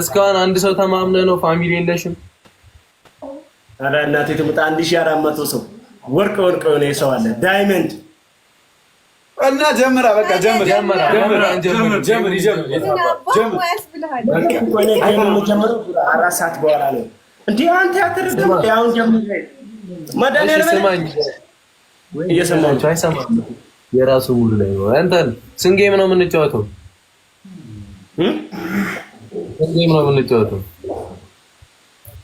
እስካሁን አንድ ሰው ተማምነ ነው። ፋሚሊ የለሽም? ኧረ እናቴ ትሙት አንድ ሺህ አራት መቶ ሰው ወርቅ ወርቅ የሆነ ሰው አለ ዳይመንድ እና ጀምራ በቃ ጀምር ጀምር ጀምር ጀምር ጀምር ጀምር አራት ሰዓት በኋላ ነው እንዴ? አንተ ያተረደም ያው ጀምር ማዳን ያለበት እየሰማኝ አይሰማም። የራሱ ሙሉ ላይ ነው። አንተን ነው የምንጫወተው? እንዴም ነው የምንጫወተው።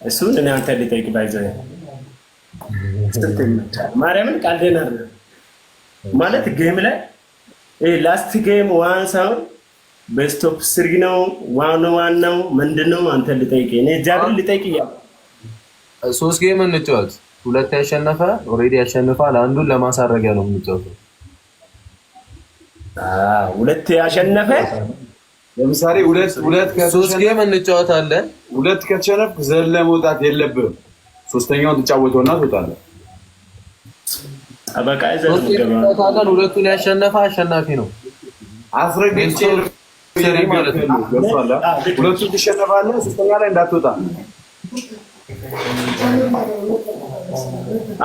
እሱን እኔ አንተ ልጠይቅ ባይዘ ማርያምን ቃል ደህና ማለት ጌም ላይ ላስት ጌም ዋን ሳይሆን በስቶፕ ስሪ ነው ዋን ዋን ነው ምንድን ነው? አንተ ልጠይቅ እኔ እግዚአብሔር ልጠይቅ እያለ ሶስት ጌም እንጫወት። ሁለት ያሸነፈ ኦልሬዲ ያሸንፋል። አንዱን ለማሳረጊያ ነው የምንጫወተው። ሁለት ያሸነፈ ለምሳሌ ሁለት ሁለት ከሶስት ጌም እንጫወታለን። ሁለት ከተሸነፍክ ዘለ መውጣት የለብህም። ሶስተኛውን ትጫወተውና ትወጣለህ። አበቃ ሁለቱን ያሸነፈ አሸናፊ ነው። አስረግጬ ማለት ነው። ሁለቱን ትሸነፋለህ። ሶስተኛ ላይ እንዳትወጣ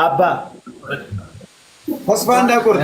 አባ ተስፋ እንዳቆርጥ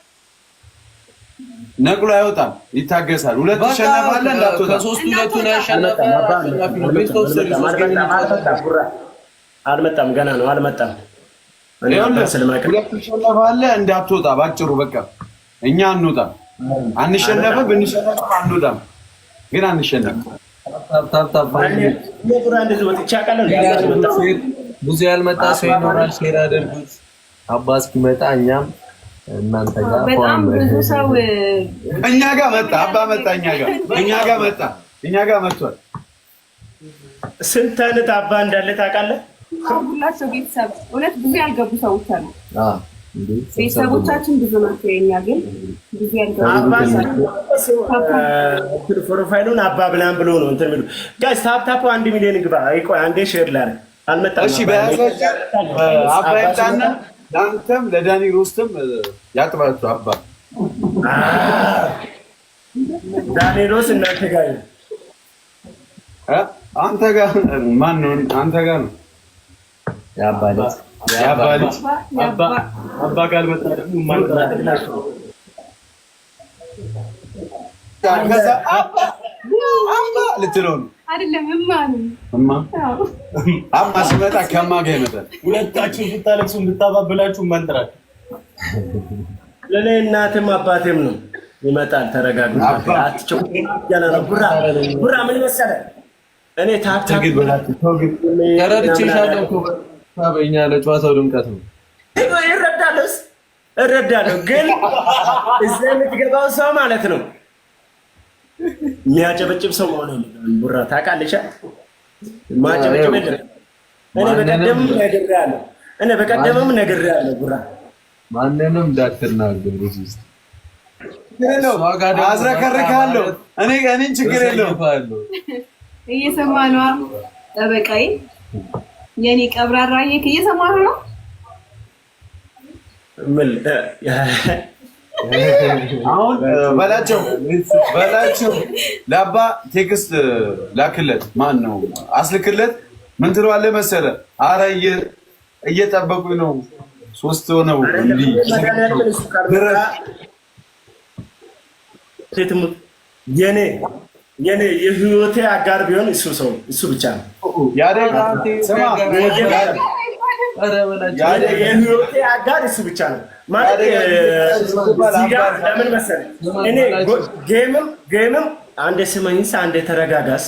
ነቅሎ አይወጣም፣ ይታገሳል። ሁለት ይሸነፋል። እንዳትወጣ ከሶስት ሁለቱን ያሸነፈ አልመጣም። ገና ነው፣ አልመጣም። ሁለት እንዳትወጣ ባጭሩ፣ በቃ እኛ አንወጣም፣ አንሸነፍም። ብንሸነፍም አንወጣም፣ ግን አንሸነፍም። ብዙ ያልመጣ ሰው ይኖራል። ሴራ አድርጉት አባ እስኪመጣ እኛም እናንተ ጋር በጣም ብዙ ሰው እኛ ጋር መጣ። አባ መጣ። እኛ ጋር እኛ ጋር መጣ። እኛ ጋር መጥቷል። ስንት አይነት አባ እንዳለ ታውቃለህ? ሁላቸው ቤተሰብ እውነት ብዙ ያልገቡ ሰዎች አሉ። ቤተሰቦቻችን ብዙ ናቸው። የኛ ግን ብዙ ያልገቡ ፕሮፋይሉን አባ ብላን ብሎ ነው እንትን የሚሉ ጋይስ። ታፕታፑ አንድ ሚሊዮን ግባ። ቆይ አንዴ ሼር ላረ አልመጣም። እሺ በያዘ አባ ይምጣና ለአንተም ለዳኒ ሮስትም ያጥባችሁ አባ ዳኒ ሮስ እናንተ ጋር አንተ ጋር ማን ነው? አንተ ጋር ነው የአባ ልጅ አባ ጋር መጣ ደግሞ ማን አማ ልትለው ነው አይደለም? እማ አማ ሲመጣ ከማ ጋር ይመጣል። ሁለታችሁ ብታለቅሱ እንድታባብላችሁ መንጥራት ለእኔ እናትም አባቴም ነው። ይመጣል። ተረጋግ ቡራ ምን መሰለህ እኔ ታብታብረድቼሻለሁ። በኛ ለጨዋታው ድምቀት ነው። እረዳለሁ እረዳለሁ፣ ግን እዛ የምትገባው ሰው ማለት ነው የሚያጨበጭብ ሰው መሆን የለም። ቡራ ታውቃለች። ማጨበጭብ የለም። እኔ በቀደምም ነግሬያለሁ። እኔ በቀደምም ቡራ ማንንም እንዳትናገር አዝረከርካለሁ። እኔ እኔን ችግር የለውም እየሰማ ነው። ጠበቃዬ የኔ ቀብራራዬ እየሰማ ነው። አሁን በላቸው በላቸው ለአባ ቴክስት ላክለት። ማን ነው አስልክለት። ምን ትለዋለህ መሰለህ? አረ እየጠበቁ ነው፣ ሶስት ሆነው እንዲህ የኔ የኔ የህይወቴ አጋር ቢሆን እሱ ሰው እሱ ብቻ ነው። የህይወቴ አጋር እሱ ብቻ ነው። ማለት እዚህ ጋር ለምን መሰለህ እኔ ጌምም ጌምም አንዴ ስመኝስ አንዴ ተረጋጋስ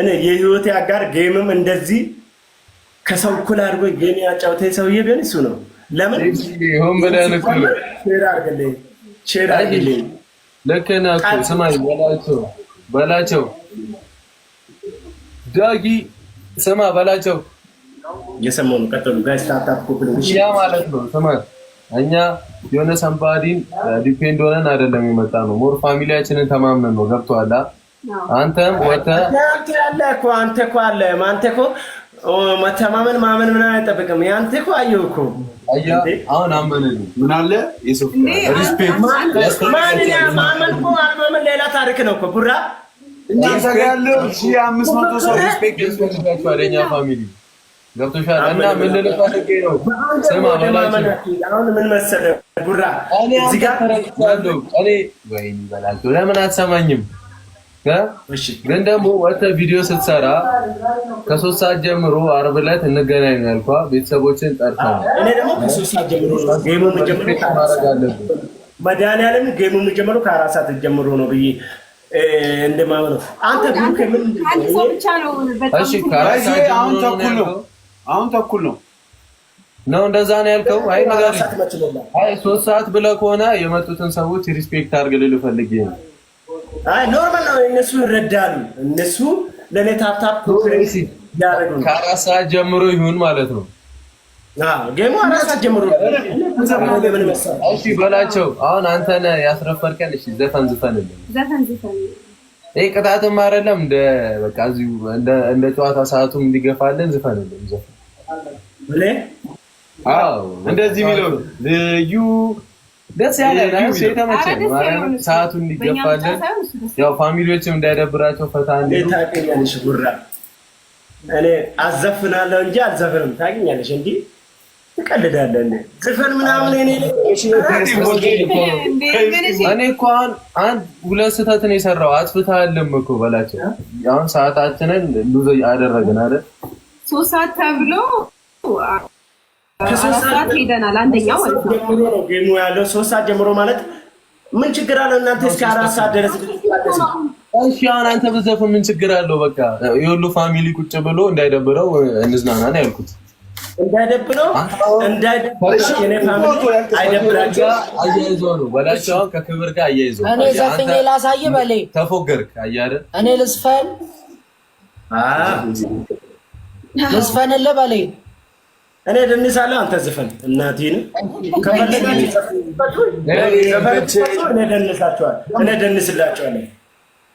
እኔ የህይወቴ አጋር ጌምም እንደዚህ ከሰው እኩል አድርጎ ጌም ያጫውተ ሰውዬ ቢሆን እሱ ነው። ለምን ሆን ብለህ ሼር አድርግልኝ፣ ሼር አድርግልኝ። ልክ ነህ እኮ ስማኝ፣ በላቸው በላቸው፣ ዳጊ ስማ በላቸው። የሰማውን ቀጠሉ ጋይስ ታታ ኮፕል ያ ማለት ነው ስማ እኛ የሆነ ሰንባዲን ዲፔንድ uh, ሆነን አይደለም የመጣ ነው። ሞር ፋሚሊያችንን ተማምነን ነው። ገብቶሃል? አንተም ወተህ ያለ እኮ አንተ እኮ አለ አንተ እኮ መተማመን ማመን ምን አይጠብቅም። ያንተ እኮ አየሁ እኮ አሁን አመነን ምን አለ ሪስፔክት ማመን እኮ አለማመን ሌላ ታሪክ ነው እኮ ቡራ እናዘጋለሁ ሺህ አምስት መቶ ሰው ሪስፔክት ያስፈልጋቸዋል የእኛ ፋሚሊ ገብቶሻል እና ምን ልልፈልግ ነው? ለምን አትሰማኝም? ግን ደግሞ ወጥተህ ቪዲዮ ስትሰራ ከሶስት ሰዓት ጀምሮ አርብ ዕለት እንገናኝ ያልኳ ቤተሰቦችን ጠርተህ እኔ ደግሞ መድኃኒዓለም ጌሙ የሚጀምረው ከአራት ሰዓት ጀምሮ ነው ብዬ እንደማመነው አንተ ብሩክ ምን ብቻ ነው። አሁን ተኩል ነው አሁን ተኩል ነው ነው እንደዛ ነው ያልከው? አይ ነገር አይ ሶስት ሰዓት ብለህ ከሆነ የመጡትን ሰዎች ሪስፔክት አድርግ ልልህ ፈልጌ አይ ኖርማል ነው። እነሱ ይረዳሉ። እነሱ ለኔ ታፕታፕ ኮንፈረንስ ያረዱ ከአራት ሰዓት ጀምሮ ይሁን ማለት ነው። አዎ ጌሙ አራት ሰዓት ጀምሮ እሺ በላቸው። አሁን አንተን ያስረፈርከን። እሺ ዘፈን ዝፈንልን፣ ዘፈን ዝፈንልን ይህ ቅጣትም አይደለም። እንደ በቃ እዚሁ እንደ ጨዋታ ሰዓቱም እንዲገፋለን ዝፈንልን ዘፈን። እንደዚህ የሚለው ልዩ ደስ ያለ የተመቸ ሰዓቱ እንዲገፋለን፣ ያው ፋሚሊዎችም እንዳይደብራቸው ፈታ ታውቂኛለሽ። ጉራ እኔ አዘፍናለሁ እንጂ አልዘፍንም። ታውቂኛለሽ እንዲህ ምናምን እኔ እኮ አሁን አንድ ሁለት ስህተት ነው የሰራው። አጥፍታለም እኮ በላቸው። አሁን ሰዓታችንን አደረግን ሶስት ሰዓት ተብሎ ሶስት ሰዓት ጀምሮ ማለት ምን ችግር አለው እናንተ? እስከ አራት ሰዓት ድረስ እሺ፣ አሁን አንተ ብዘፍ ምን ችግር አለው? በቃ የሁሉ ፋሚሊ ቁጭ ብሎ እንዳይደብረው እንዝናና ነው ያልኩት። እንዳይደብረው እንዳይደብረው አይደብራቸው። ከክብር ጋር አያይዞ እኔ ዘፍኜ ላሳይ በሌ ተፎገርክ አያለ እኔ ልስፈን ልስፈንልህ በሌ እኔ ደንሳለሁ፣ አንተ ዝፈን። እናቴን ከፈለጋችሁ እኔ ደንሳቸዋለሁ፣ እኔ ደንስላቸዋለሁ።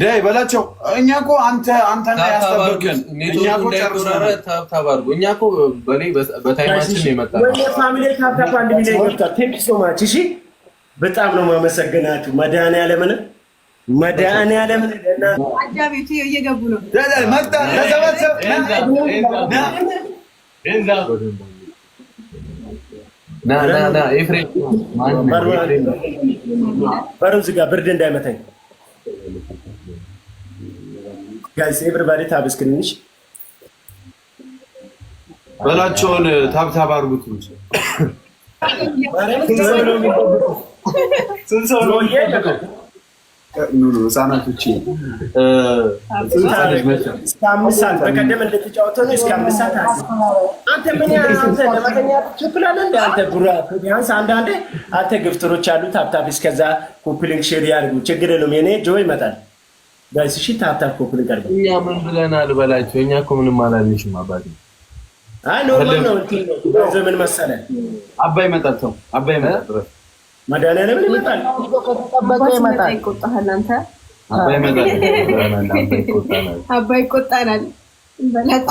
ዳይ በላቸው። እኛ እኮ አንተ አንተ ላይ ያስተባበርከን እኛ እኮ ጨርሰናል። ታብታብ አድርጎ እኛ እኮ በኔ በታይማችን ነው ፋሚሊ ሶ ማች። እሺ በጣም ነው ማመሰግናችሁ። መድኃኒዓለምን መድኃኒዓለምን እየገቡ ነው። መጣ ና ና ና ብርድ እንዳይመታኝ ጋይስ ኤቨሪባዲ ታብ እስክንሽ በላቸውን ታብታብ አድርጉት። ስንት ሰው ነው? ህጻናቶች በቀደም እስከ አንዳንዴ አንተ ግፍትሮች አሉ ታፕታፕ። እስከዛ ኮፕሊንግ ሼር ያድርጉ፣ ችግር የለውም። የኔ ጆ ይመጣል። ጋይስ እሺ፣ ታፕታፕ ኮፕሊንግ አድርጉ። እኛ ምን ብለናል በላቸው። እኛ እኮ ምንም አላለሽም። አባቴ ኖርማል ነው። ምን መሰለህ አባ ይመጣል፣ ሰው አባ ይመጣል መድኃኒዓለም ይመጣል። አባ ይቆጣናል።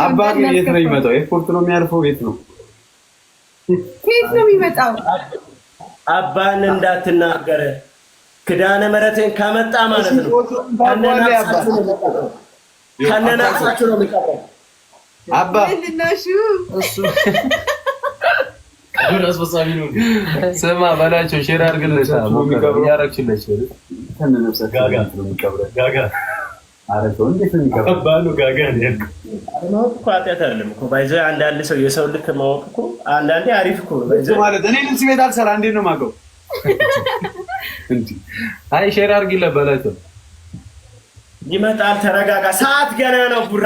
አባ የት ነው የሚመጣው? ኤርፖርት ነው የሚያርፈው? የት ነው የት ነው የሚመጣው? አባህን እንዳትናገር ክዳነ ምሕረትን ከመጣ ማለት ነው ከነናሳችሁ ነው የሚቀረው አባ ስማ በላቸው፣ ሼር አድርግልሽ አንዳንድ ሰው የሰው ልክ ማወቅ እኮ አንዳንዴ አሪፍ እኮ ማለት እኔ ልብስ ቤት አልሰራ እንዴት ነው የማውቀው? አይ ሼር አድርጊለት በላቸው። ይመጣል። ተረጋጋ፣ ሰዓት ገና ነው ቡራ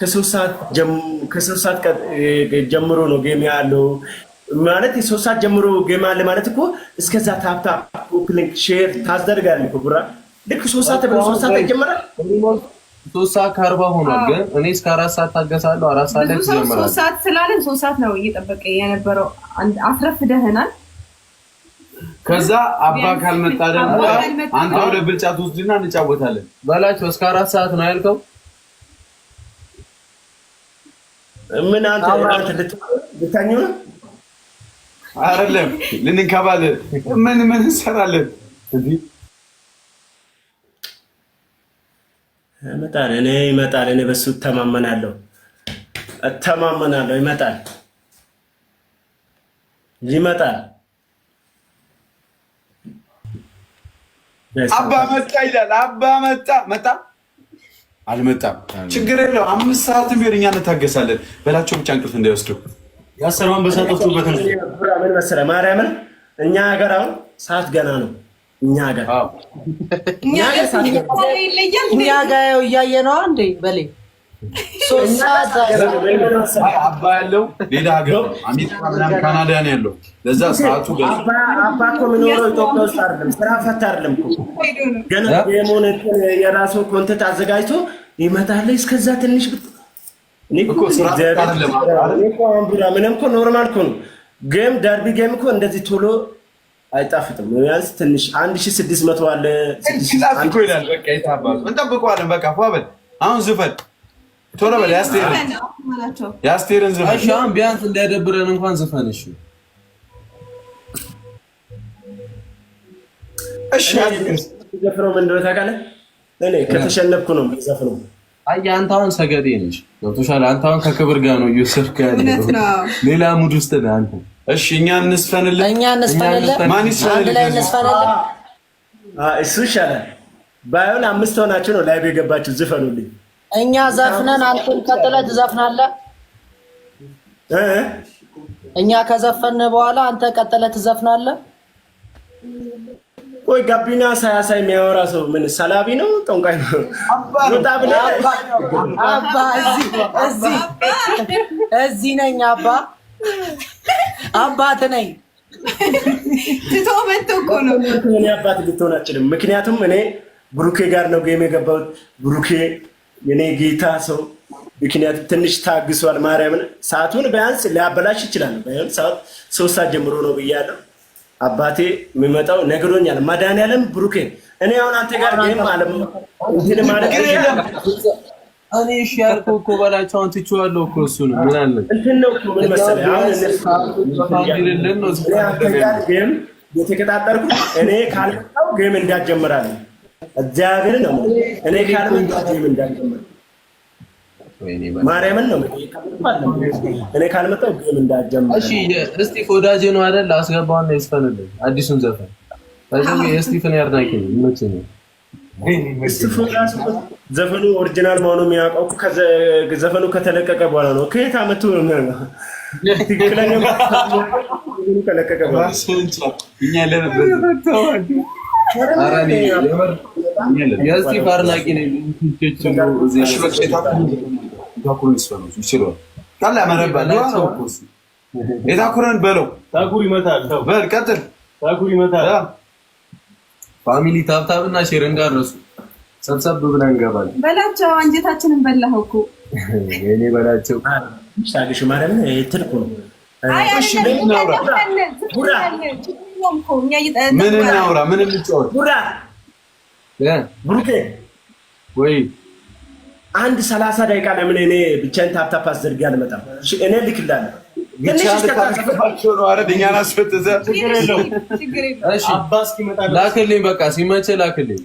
ከሶስት ሰዓት ጀምሮ ነው ጌም ያለው ማለት የሶስት ሰዓት ጀምሮ ጌም አለ ማለት እኮ እስከዛ ታፕ ታፕ ሊንክ ሼር ታስደርጋለህ ብራ ልክ ሶስት ሰዓት ብሎ ሶስት ሰዓት ይጀምራል። ሶስት ሰዓት ከአርባ ሆኗል። ግን እኔ እስከ አራት ሰዓት ታገሳለሁ። አራት ሰዓት ላይ ትጀምራለህ። ሶስት ሰዓት ስላለን ሶስት ሰዓት ነው እየጠበቀ የነበረው። አስረፍደህናል። ከዛ አባ ካልመጣ ደግሞ አንተ ወደ ብልጫት ውስድና እንጫወታለን በላቸው። እስከ አራት ሰዓት ነው ያልከው ምን አንተ ልታኝ አይደለም፣ ልንከባለን ምን ምን እንሰራለን? ይመጣል፣ እኔ ይመጣል፣ እኔ በሱ እተማመናለሁ፣ እተማመናለሁ። ይመጣል፣ ይመጣል። አባ መጣ ይላል። አባ መጣ መጣ አልመጣም። ችግር የለው። አምስት ሰዓት ቢሆን እኛ እንታገሳለን በላቸው። ብቻ እንቅልፍ እንዳይወስዱ የአስር አንበሳ ጠፍቶበት ነው። ምን መሰለህ ማርያምን፣ እኛ ሀገር አሁን ሰዓት ገና ነው። እኛ ሀገር እኛ ሀገር እያየ ነዋ እንዴ በሌ አባ ያለው ሌላ ሀገር አሜሪካ ምናምን ካናዳ ነው ያለው። ለዛ ሰዓቱ አባ እኮ የሚኖረው ኢትዮጵያ ውስጥ አይደለም፣ ስራ ፈት አይደለም ገና የሆነ የራሱ ኮንተንት አዘጋጅቶ ይመጣል። እስከዛ ትንሽ ምንም እኮ ኖርማል እኮ ነው። ጌም ደርቢ ጌም እኮ እንደዚህ ቶሎ አይጣፍጥም። ቢያንስ ትንሽ አንድ ሺህ ስድስት መቶ አለ እንጠብቀዋለን። በቃ ፏ አሁን ዝፈን ቶሎ በል ዘፈን። ቢያንስ እንዳይደብረን እንኳን ዘፈን። እሺ እሺ። ነው ታውቃለህ? እኔ ከተሸነፍኩ ነው ዘፍነው። አንተ አሁን ሰገዴ ነሽ፣ ገብቶሻል። አንተ አሁን ከክብር ጋር ነው እየወሰድክ ያለው፣ ሌላ ሙድ ውስጥ ነህ አንተ። እሺ እኛ እንስፈንልህ፣ እኛ እንስፈንልህ፣ ማን ይስፈንልህ? እሱ ይሻላል። ባይሆን አምስት ሆናችሁ ነው ላይብ የገባችሁ፣ ዝፈኑልኝ እኛ ዘፍነን አንተን ቀጥለህ ትዘፍናለህ። እኛ ከዘፈን በኋላ አንተ ቀጥለህ ትዘፍናለህ። ወይ ጋቢና ሳያሳይ የሚያወራ ሰው ምን ሰላቢ ነው? ጠንቋይ ነው? ወጣ ብለህ አባ እዚህ ነኝ አባ አባት ነኝ ትቶ መጥቶ እኮ ነው። እኔ አባት ልትሆን አችልም። ምክንያቱም እኔ ብሩኬ ጋር ነው ጌም የገባሁት ብሩኬ የኔ ጌታ ሰው ምክንያት ትንሽ ታግሷል። ማርያምን ሰዓቱን ቢያንስ ሊያበላሽ ይችላል። ቢያንስ ሰዓት ሶስት ሰዓት ጀምሮ ነው ብያለሁ። አባቴ የሚመጣው ነግሮኛል። መድኃኒዓለም ብሩኬ፣ እኔ አሁን አንተ ጋር ይሄም አለም እንትን ማለት እኔ እሺ ያልኩህ እኮ በላቸው አንተ ትችዋለሁ እኮ እሱ ነው ምን አለ እንትን ነው እኮ ምን መሰለህ፣ አሁን እኔ አንተ ጋር ግን የተቀጣጠርኩት እኔ ካልመጣሁ ግን እንዳትጀምራለህ እግዚአብሔር ነው እኔ ካልመጣሁ እንዳትመጣ ማርያምን ነው እኔ ካልመጣሁ ግን እንዳትጀምር። እሺ እስጢፍ ወዳጄ ነው አይደል? አስገባውና ይስፈንልኝ አዲሱን ዘፈን። ታዲያ የእስጢፍን አድናቂ ነው ዘፈኑ ኦሪጂናል መሆኑ የሚያውቀው ዘፈኑ ከተለቀቀ በኋላ ነው። ከየት አመቱ ነው ነው የስቲቭ አድናቂ የታኩረን በለው ታኩር ይመታል። በል ቀጥል። ታኩር ይመታል። ፋሚሊ ታብታብና ሼር እንዳረሱ ሰብሰብ ብለን እንገባለን። በላቸው አንጀታችንን በላኸው እኮ እኔ በላቸው ሳልሽ ማለት ነው። ምን እናውራ? ምን እናውራ? ምን እንጫወት? ብሩኬ ወይ አንድ ሰላሳ ደቂቃ ለምን እኔ ብቻዬን ታፕታፕ አስደርጌ አልመጣም? እኔ ልክላለሁ። ላክልኝ በቃ ላክልኝ።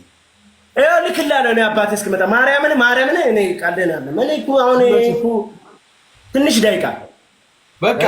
እኔ አባቴ እስክመጣ ማርያምን ማርያምን እኔ እኔ ትንሽ ደቂቃ በቃ